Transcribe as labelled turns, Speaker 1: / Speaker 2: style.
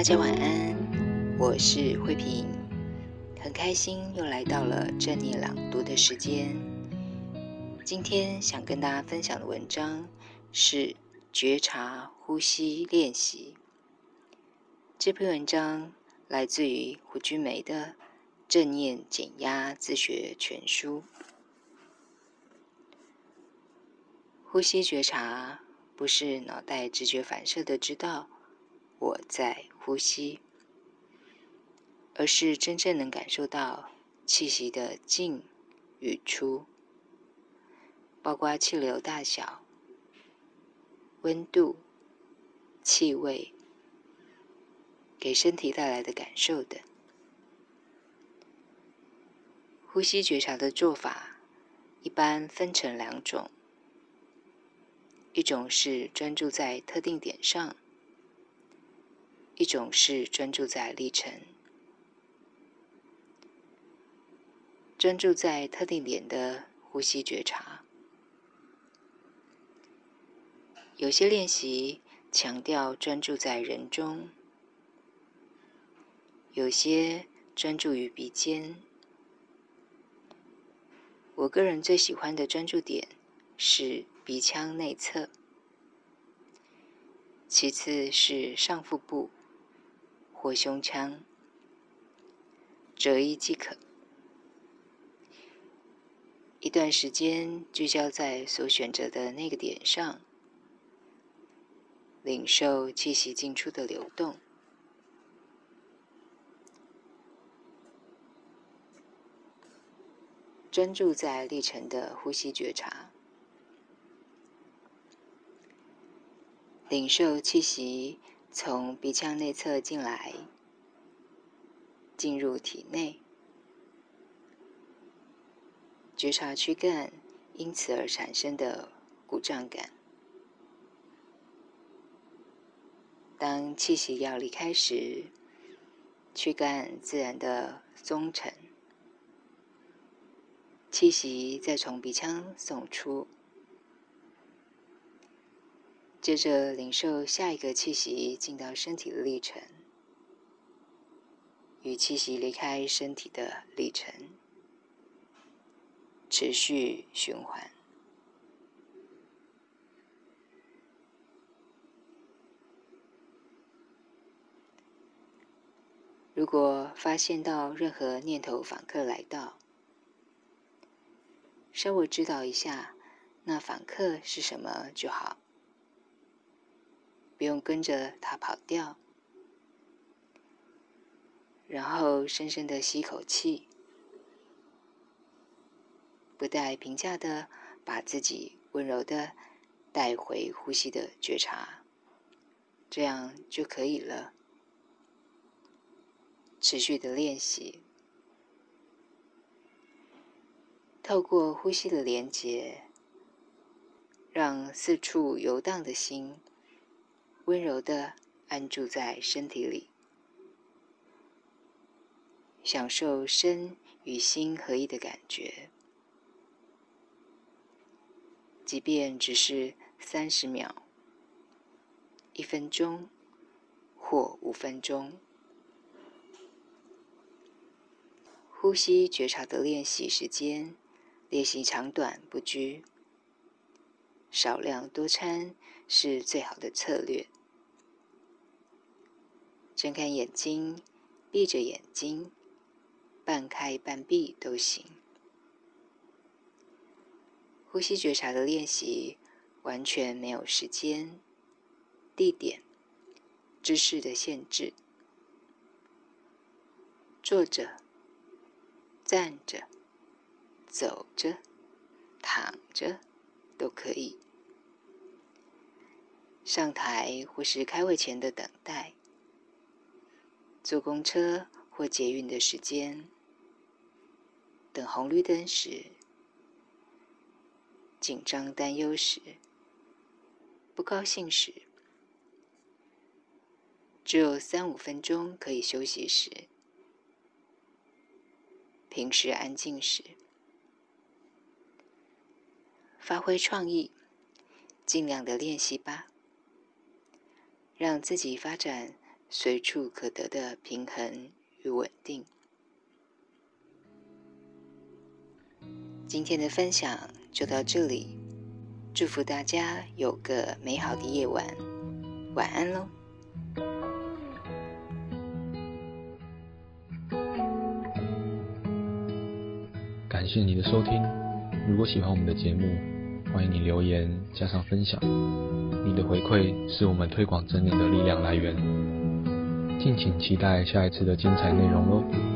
Speaker 1: 大家晚安，我是慧萍，很開心又來到了正念朗讀的時間。今天想跟大家分享的文章是覺察呼吸練習。這篇文章來自於胡君梅的《正念減壓自學全書》。呼吸覺察不是腦袋直覺反射的知道。我在呼吸，而是真正能感受到氣息的進與出，包括氣流大小、溫度、氣味，給身體帶來的感受等。呼吸覺察的做法一般分成兩種，一種是專注在特定點上。一種是專注在歷程，專注在特定點的呼吸覺察。有些練習強調專注在人中，有些專注於鼻尖。我個人最喜歡的專注點是鼻腔內側，其次是上腹部，或胸腔，擇一即可。一段時間聚焦在所選擇的那個點上，領受氣息進出的流動，專注在歷程的呼吸覺察，領受氣息。從鼻腔內側進來，進入體內，覺察軀幹因此而產生的鼓脹感。當氣息要離開時，軀幹自然的鬆沉，氣息再從鼻腔送出。接着，領受下一個氣息進到身體的歷程，與氣息離開身體的歷程，持續循環。如果發現到任何念頭訪客來到，稍微知道一下，那訪客是什麼就好。不用跟着他跑掉，然後深深的吸口氣，不帶評價的把自己溫柔的帶回呼吸的覺察，這樣就可以了。持續的練習，透過呼吸的連接，讓四處遊蕩的心。溫柔的安住在身體裡，享受身與心合一的感覺，即便只是三十秒、一分鐘或五分鐘，呼吸覺察的練習時間，練習長短不拘，少量多餐是最好的策略。睜開眼睛，閉着眼睛，半開半閉都行。呼吸覺察的練習完全沒有時間、地點、姿勢的限制，坐着、站着、走着、躺着都可以。上台或是開會前的等待。坐公車或捷運的時間，等紅綠燈時，緊張擔憂時，不高興時，只有三五分鐘可以休息時，平時安靜時，發揮創意，盡量的練習吧，讓自己發展。隨處可得的平衡與穩定。今天的分享就到這裡，祝福大家有個美好的夜晚，晚安嘍！感謝你的收聽。如果喜歡我們的節目，歡迎你留言加上分享，你的回饋是我們推廣正念的力量來源。敬請期待下一次的精彩內容嘍。